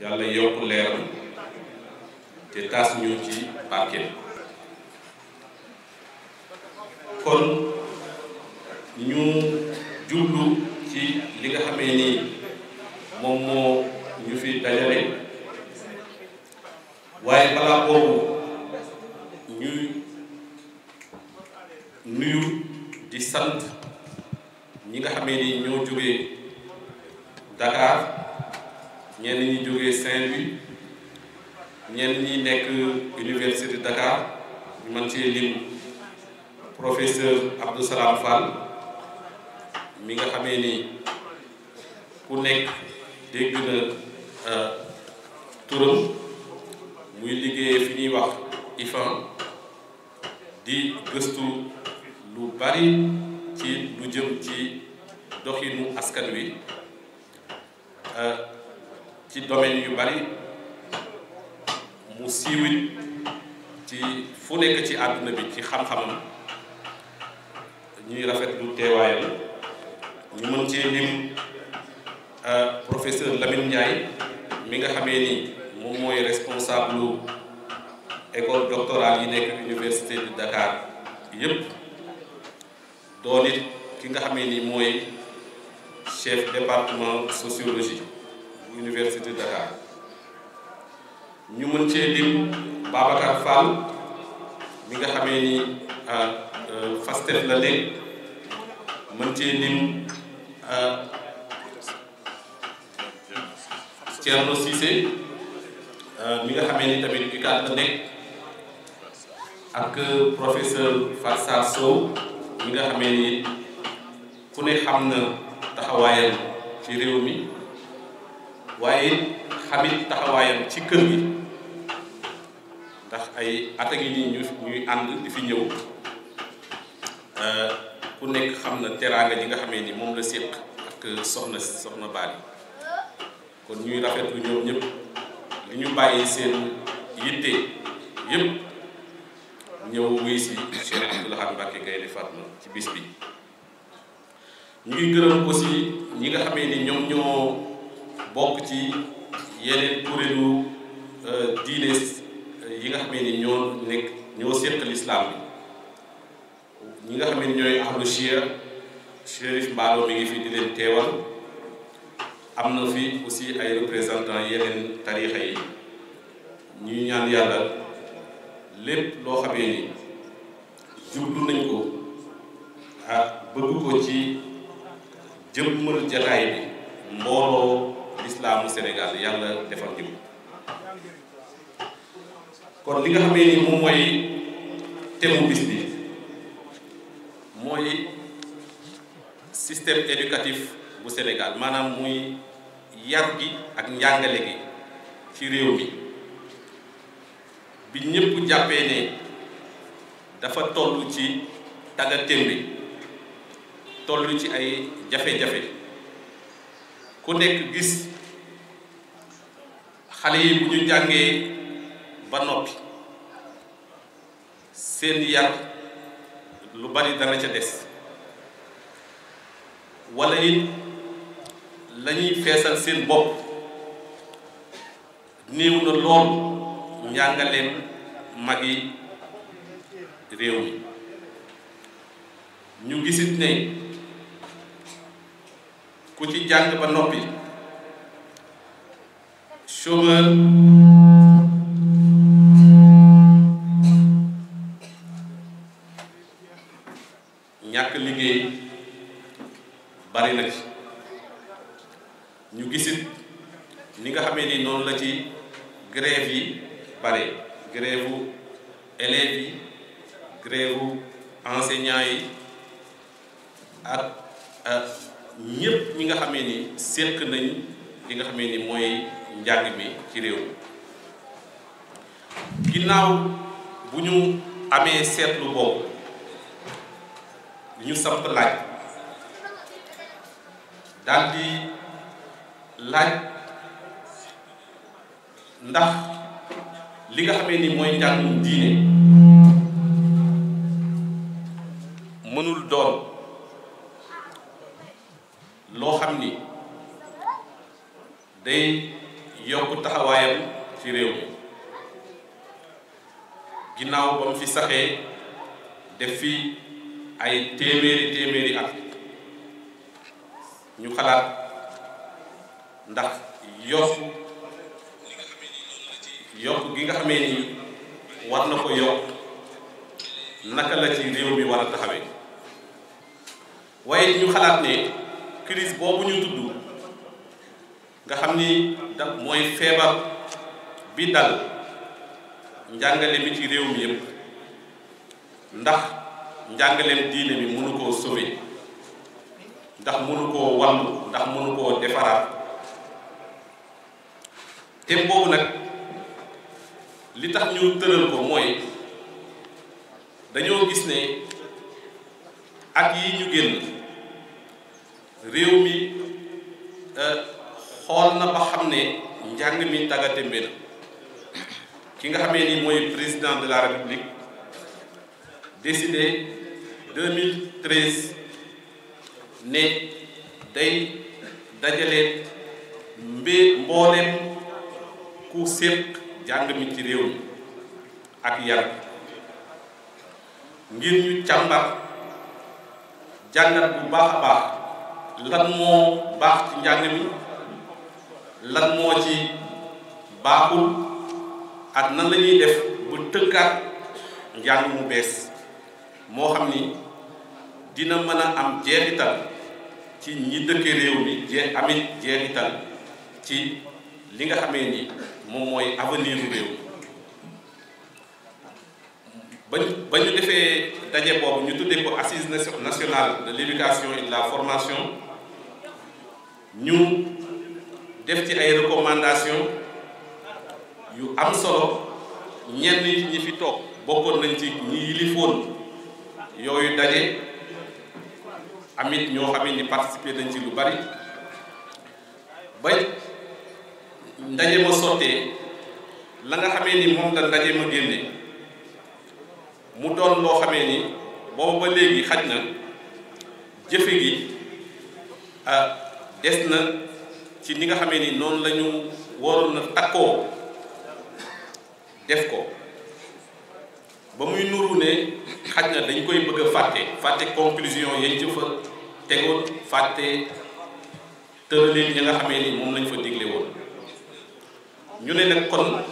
yàlla yokk leeram te taas ñu ci barke kon ñu jublu ci li nga xamee ni moom moo ñu fi dajale waaye balaa boobu ñuy nuyu di sant ñi nga xamee ni ñoo jógee Dakar ñenn ñi jógee Saint-Louis ñenn ñi nekk université Dakar ñu mën cee lim professeur Abdou mi nga xamee ni ku nekk dégg na euh, turam muy liggéeyee fi ñuy wax IFAN di gëstu lu bari ci lu jëm ci doxinu askan wi. Euh, ci domaine yu bari mu siiwit ci fu nekk ci àdduna bi ci xam-xamam ñuy rafetlu teewaayam ñu mën cee lim euh, professeur Lamine Ndiaye mi nga xamee ni moom mooy responsable école doctorale yi nekk université de Dakar yépp doon it ki nga xamee ni mooy chef département sociologie université Dakar ñu mën cee lim Babacar Fall mi nga xamee ni Fastef ah, euh, la nekk mën cee lim ah, Thierno ah, mi nga xamee ni tamit UCAD la nekk ak euh, professeur Farsar Sow mi nga xamee ni ku ne xam na taxawaayam ci réew mi waaye xamit taxawaayam ci kër gi ndax ay at a ngi ñuy ànd di fi ñëw ku nekk xam na teraanga ji nga xame ni moom la séq ak soxna soxna Bally kon ñuy rafetlu ñoom ñëpp li ñu bàyyi seen yitte yëpp ñëw wuy si Cheikh Abdou Lahad Mbacké Gaïndé ci bis bi ñu ngi gërëm aussi ñi nga xamee ni ñoom ñoo bokk ci yeneen kuréelu euh, diine euh, yi nga xamee ni ñoo nekk ñoo séq lislaam bi ñi nga xamee ni ñooy ahlu chia chérif mbaalo mi ngi fi di leen teewal am na fi aussi ay représentants yeneen tarixa yi ñuy ñaan yàlla lépp loo xamee ni jublu nañ ko ah bëgg ko ci jëmmal jataay bi mbooloo islaamu Sénégal yang defal ñu kon li nga mui ni moom mooy thème bis bi mooy système éducatif bu Sénégal maanaam muy yar gi ak njàngale gi ci réew mi bi ñëpp jàppee ne dafa toll ci tagga témbe toll ci ay jafe ku gis xale yi bu ñu jàngee ba noppi seen yar lu bari dana ca des wala it la feesal seen bopp néew na lool njàngaleen mag yi réew mi ñu gisit ne ku ci jàng ba noppi sur ñàkk liggéey bari na ci ñu gisit ni nga xamee ni noonu la ci grève yi bari grève u yi grève u yi ak ñépp ñi nga xame ni séq nañ li nga xamee ni mooy njàng mi ci réew mi ginnaaw bu ñu amee seetlu boobu ñu samp laaj daal di laaj ndax li nga xamee ni mooy njàngum diine mënul doon loo xam ni day yokk taxawaayam ci réew mi ginnaaw ba mu fi saxee def fi ay téeméeri téeméeri at ñu xalaat ndax yokk yokk gi nga xamee ni war na ko yokk naka la ci réew mi war a taxawee waaye ñu xalaat ne crise boobu ñu tudd nga xam ni da mooy feebar bi dal njàngale mi ci réew mi yëpp ndax njàngalem diine mi mënu koo sauver ndax mënu koo wàllu ndax mënu koo defaraat te boobu nag li tax ñu tëral ko mooy dañoo gis ne at yi ñu génn réew mi. Euh, xool na ba xam ne njàng mi tàggate mbé ki nga xamee ni mooy président de la république décidé 2013 ne day dajale mbé mbooleem ku séq jàng mi ci réew mi ak yar ngir ñu càmbar jàngat bu baax a baax lan moo baax ci njàng mi lan moo ci baaxul ak nan la ñuy def bu tënkaat njàng mu bees moo xam ni dina mën a am jeexital ci ñi dëkke réew mi jee amit jeexital ci li nga xamee ni moom mooy avenir u réew ba ñu ba ñu defee daje boobu ñu tuddee ko assise nationale de l' éducation et la formation ñu def ci ay recommandation yu am solo ñenn ñi fi toog bokkoon nañ ci ñi yilifoon yooyu daje amit ñoo xamee ni participer nañ ci lu bari ba ndaje ma sottee la nga xamee ni moom la ndaje ma génne mu doon loo xamee ni boobu ba léegi xaj na jëfe gi ah, des na ci ni nga xamee ni noonu lañu ñu waroon a takkoo def ko ba muy nuru ne xaj na dañ koy bëgg a fàtte fàtte conclusion yañ ci fa tegoon fàtte tëraleen yi nga xamee ni moom lañu fa digle woon ñu ne nag kon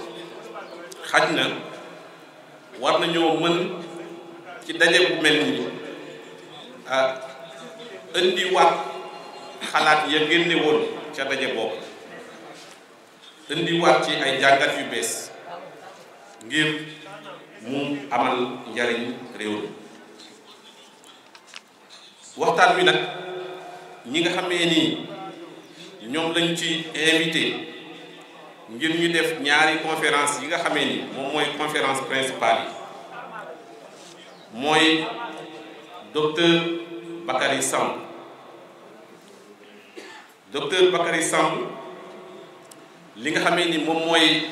xaj na war nañoo mën ci daje bu mel nii ah indiwaat xalaat ya génne woon ca daje boobu indiwaat ci ay jàngat yu bees ngir mu amal njariñ réew mi waxtaan wi nag ñi nga xamee nii ñoom lañ ci invité ngir ñu def ñaari conférence yi nga xamee ni moom mooy conférence principale yi mooy docteur Bakary Samb docteur Bakary Samb li nga xamé ni mom moy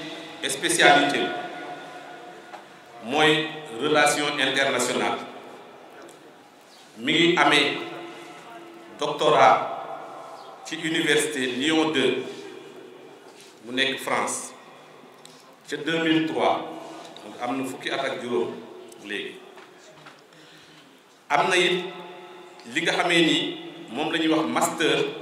spécialité moy relations internationales, mi ngi un doctorat ci université Lyon 2 mu nek France en 2003 donc am fukki at ak juróom léegi am li nga ni wax master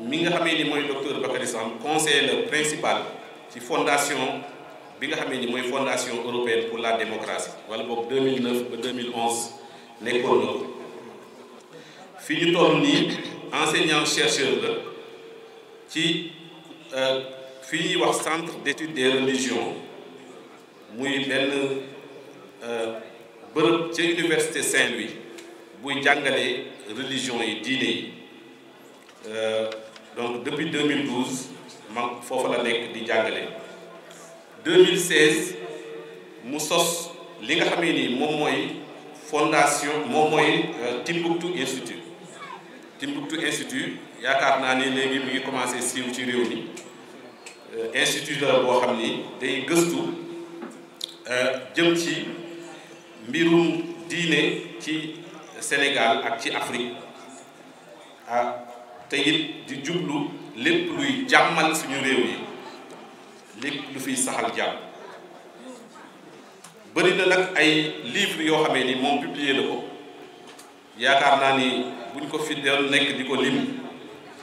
mi nga xamee ni docteur Bakary conseiller principal ci fondation bi nga fondation européenne pour la démocratie wala 2009 ba 2011 nekkoon na ko enseignant chercheur qui ci euh, fi centre d'études des religions muy benn euh, bërëb ca université Saint-Louis buy jàngale religion yi diine euh, donc depuis 2012 faut la nek di 2016 mu li nga fondation euh, Timbuktu Institute Timbuktu Institute ni ngi commencé ci euh, institut la euh, ci mbirum Sénégal ak ci Afrique ah, te it di jublu lépp luy jàmmal suñu réew yi lépp lu fiy saxal jàmm bëri na nag ay livres yoo xamee ni moom publié na ko yaakaar naa ni buñ ko fi doon nekk di ko lim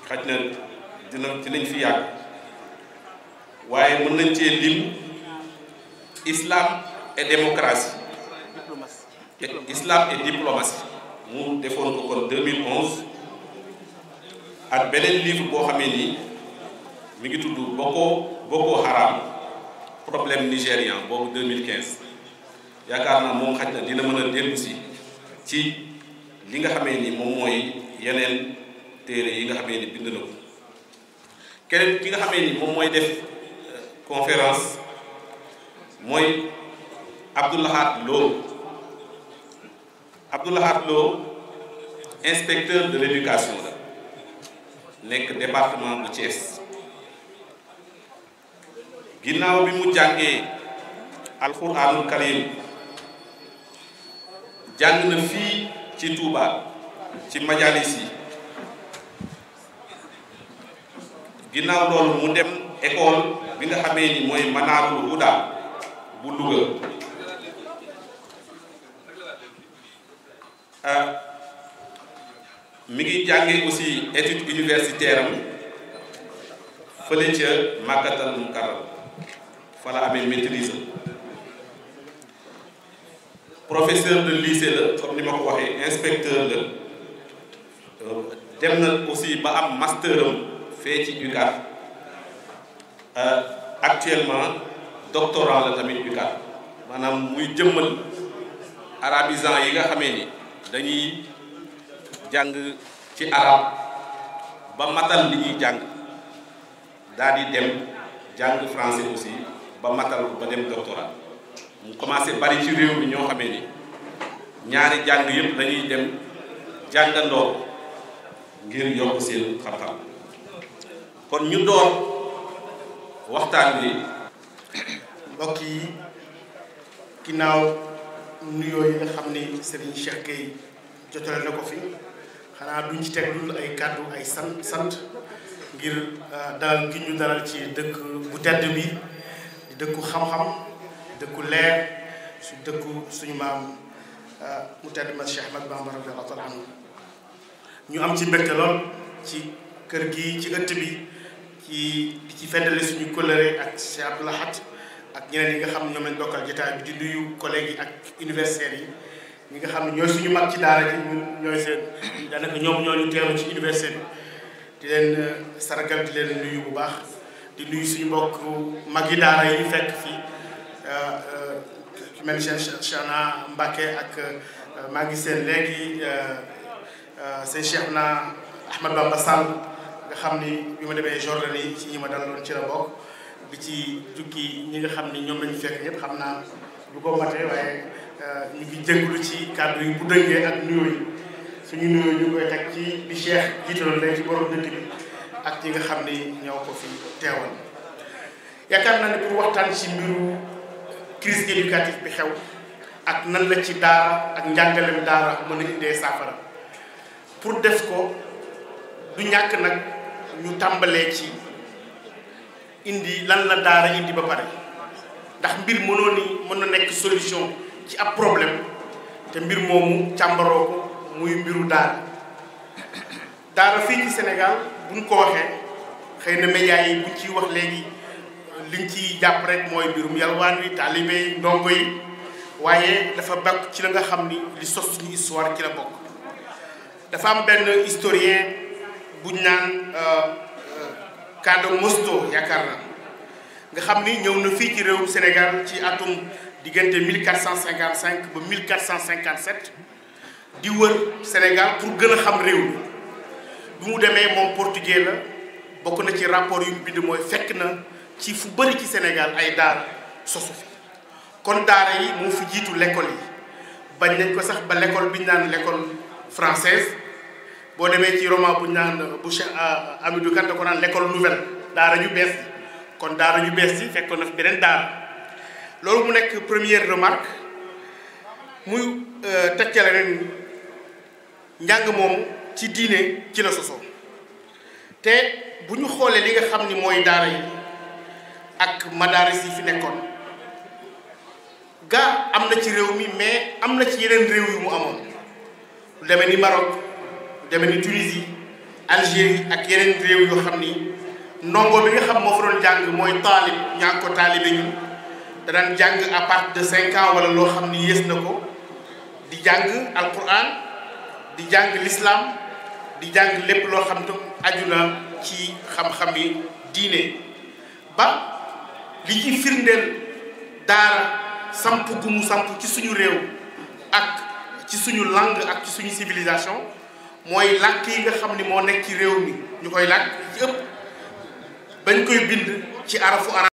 xaj na dina dinañ fi yàgg waaye mën nañ cee lim islam et démocratie islam et diplomatie mu defoon ko kon 2011 ak beneen livre boo xamee ni mi ngi Boko Boko Haram problème nigérien » boobu 2015 yaakaar naa dina a dellu si ci li nga xamee ni moom mooy yeneen téere yi nga xamee ni keneen conférence Lo inspecteur de l'éducation nekk département bu Thiès ginnaaw bi mu jàngee alxuraanul karim jàng na fii ci Touba ci majalis yi ginnaaw loolu mu dem école bi nga xamee ni mooy Manaarul Huda bu luga mi ngi jàngee aussi étude universitaire am fële ca Makkatal fa la amee maîtrise professeur de lycée la comme ni ma ko waxee inspecteur la dem na aussi ba am master am fee ci UCAD euh, actuellement doctorant la tamit UCAD maanaam muy jëmmal arabisant yi nga xamee ni dañuy jàng ci arab ba matal li ñuy jàng daal di dem jàng français aussi ba matal ba dem doctorat mu commencé bari ci réew mi ñoo xamee ni ñaari jàng yëpp dañuy dem jàngandoo ngir yokk seen xam-xam kon ñu door waxtaan wi mbokk yi ginnaaw nuyoo yi nga xam ni Serigne Cheikh Gueye jotale na ko fi xanaa duñ ci teg lu ay kàddu ay sant sant ngir euh, dalal gi ñu dalal ci dëkk bu tedd bi di dëkku xam-xam dëkku leer su dëkku suñu maam euh, mu tedd ma Cheikh Ahmad Bamba am ci mbégte kër gi ci ëtt bi ci di ci feddale suñu kóllëre ak Cheikh Abdou Lahad yi nga xam ne ñoom lañ bokkal jotaay bi di nuyu collègues yi ak universitaires yi ñi nga xam ne ñooy suñu mag ci daara ji ñun ñooy seen daanaka ñoom ñoo ñu teew ci université di leen euh, sargal di leen nuyu bu baax di nuyu suñu mbokk magi yi daara yi ñu fekk fii ci euh, euh, ak maa ngi seen léegi seen Cheikhna Ahmed Bamba Sall nga xam ni bi ma demee Jordanie ci ñi ma dalaloon ci la bokk bi ci jukki ñi nga xam ni ñoom lañu fekk ñëpp xam naa lu ko matee waaye euh, ñu ngi jënglu ci kàddu yi bu dëngee ak nuyoo suñu nuyoo ñu koy teg ci bi Cheikh jiitaloon léegi ci borom dëkk bi ak ñi nga xam ni ñëw ko fi teewal yaakaar naa ne pour waxtaan ci mbiru crise éducative bi xew ak nan la ci daara ak njàngalem daara mën a indee saafara pour def ko du ñàkk nag ñu tàmbalee ci indi lan la daara indi ba pare ndax mbir mënoo ni mën na nekk solution ci ab problème te mbir moomu càmbaroo ko muy mbiru daara daara fii ci Sénégal buñ ko waxee xëy na médias yi buñ ci wax léegi liñ ciy jàpp rek mooy mbirum yalwaan wi taalibe yi ndongo yi waaye dafa bakk ci la nga xam ni li sos suñu histoire ci la bokk dafa am benn historien buñ naan euh, euh, Kado Mosto yaakaar na nga xamni ni na fi ci réewum Sénégal ci atum diggante 1455 ba 1457 di wër Sénégal pour gëna xam réew mi bi mu démé moom portugais la bokk na ci rapport yu mu bind mooy fekk na ci fu bari ci Sénégal ay daara sosu fi kon daara yi moo fi jitu l'école yi bañ nañ ko sax ba l'école bi ñu l'école française boo demee ci roman bu ñaan bu Cheikh euh, Amidou Kane da ko naan l'école nouvelle daara ñu bees kon daara ñu bees ci fekkoon na fi beneen daara loolu mu nekk première remarque muy euh, teccale ren njàng moom ci diine ci la sosoo te bu ñu xoolee li nga xam ni mooy daara yi ak madaaris yi fi nekkoon ga am na ci réew mi mais am na ci yeneen réew yu mu amoon lu demee ni Maroc lu demee ni Tunisie Algérie ak yeneen réew yoo xam ni ndongo bi nga xam moo fa doon jàng mooy taalib ñaa ngi ko taalibe ñun da jàng à partir de cinq ans wala loo xam ni yées na ko di jàng alquran di jàng l'islam di jàng lépp loo xam te aju na ci xam-xam yi diine ba li ci firndeel daara samp gu samp ci suñu réew ak ci suñu langue ak ci suñu civilisation mooy làkk yi nga xam ni moo nekk ci réew mi ñu koy làkk ci bañ koy bind ci arafu arab